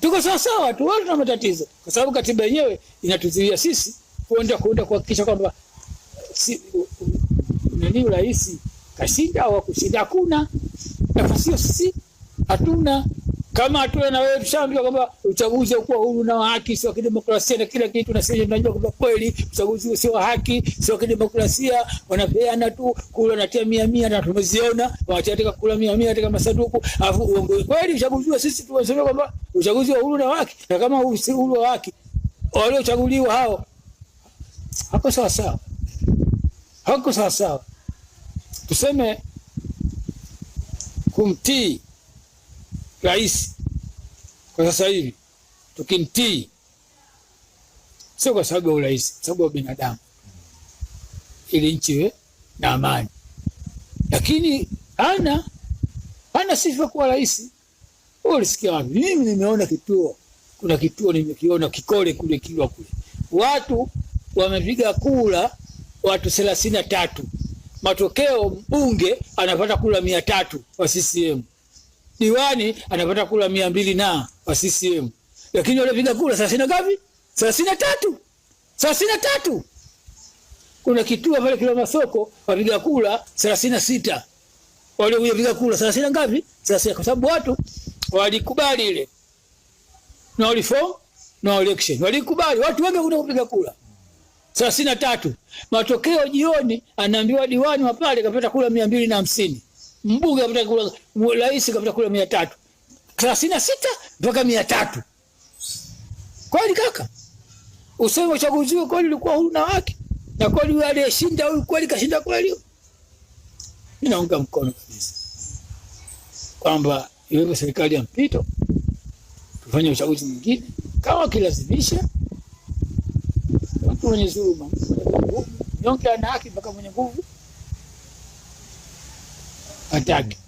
tuko sawa tu, wote tuna matatizo, kwa sababu katiba yenyewe inatuzuia sisi kuenda kuenda kuhakikisha kwamba si, nani urais kashinda au akushinda. Hakuna nafasi hiyo, sisi hatuna. Kama hatuna na wewe, tushamjua kwamba uchaguzi haukuwa huru na wa haki, sio kidemokrasia na kila kitu, na sisi tunajua kwamba kweli uchaguzi sio wa haki, sio kidemokrasia. Wanapeana tu kula, wanatia mia mia, na tumeziona wanataka kula mia mia katika masanduku, alafu uongo kweli uchaguzi wa sisi tumesema kwamba uchaguzi wa huru na wa haki, na kama si huru wa haki, waliochaguliwa hao hako sawa sawa, hako sawa sawa, tuseme kumtii rais kwa sasa hivi tukimtii, sio kwa sababu ya urais, sababu ya binadamu, ili nchi iwe na amani. Lakini ana ana sifa kuwa rais. Ulisikia wapi? Mimi nimeona kituo, kuna kituo nimekiona Kikole kule Kilwa kule, watu wamepiga kula watu thelathini na tatu, matokeo mbunge anapata kula mia tatu wa CCM diwani anapata kula mia mbili na wa CCM, lakini walipiga kula thelathini na ngapi? thelathini na tatu thelathini na tatu Kuna kituo pale kila masoko wapiga kula thelathini na sita waliokuja piga kula thelathini na ngapi? thelathini kwa sababu watu walikubali ile no reform no election, walikubali watu wengi kuja kupiga kula thelathini na tatu Matokeo jioni anaambiwa diwani wa pale kapata kula mia mbili na hamsini mbunge kapata kura, rais kapata kura mia tatu thelathini na sita mpaka mia tatu Kweli kaka, useme uchaguzi huo kweli ulikuwa huru na haki, na kweli yule aliyeshinda huyu kweli kashinda kweli? Mimi naunga mkono kabisa kwamba iwepo serikali ya mpito, tufanye uchaguzi mwingine. Kama kilazimisha mtu mwenye dhuluma, mwenye nguvu, mnyonge ana haki mpaka mwenye nguvu attack